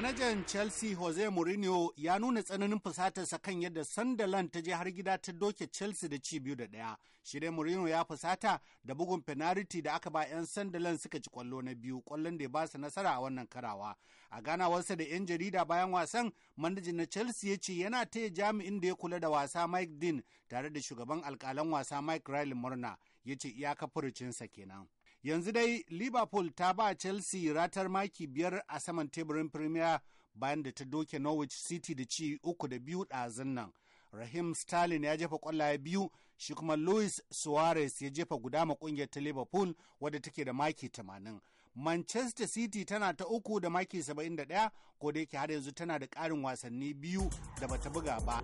Manajan Chelsea Jose Mourinho ya nuna tsananin fusatarsa kan yadda Sunderland ta je har gida ta doke Chelsea da ci biyu da ɗaya. Shi dai Mourinho ya fusata da bugun penalty da aka ba 'yan Sunderland suka ci kwallo na biyu, kwallon da ya ba su nasara a wannan karawa. A ganawarsa da 'yan jarida bayan wasan, manajan na Chelsea ya ce yana taya jami'in da ya kula da wasa Mike Dean tare da shugaban alkalan wasa Mike Riley murna, ya ce iyaka furucinsa kenan. Yanzu dai Liverpool ta ba Chelsea ratar maki biyar a saman teburin Premier bayan da ta doke Norwich City da ci uku da biyu ɗazun nan. Rahim Sterling ya jefa kwallaye biyu, shi kuma Luis Suarez ya jefa guda ma kungiyar ta Liverpool wadda take da maki 80. Manchester City tana ta uku da maki 71 ko da yake har yanzu tana da ƙarin wasanni biyu da bata buga ba.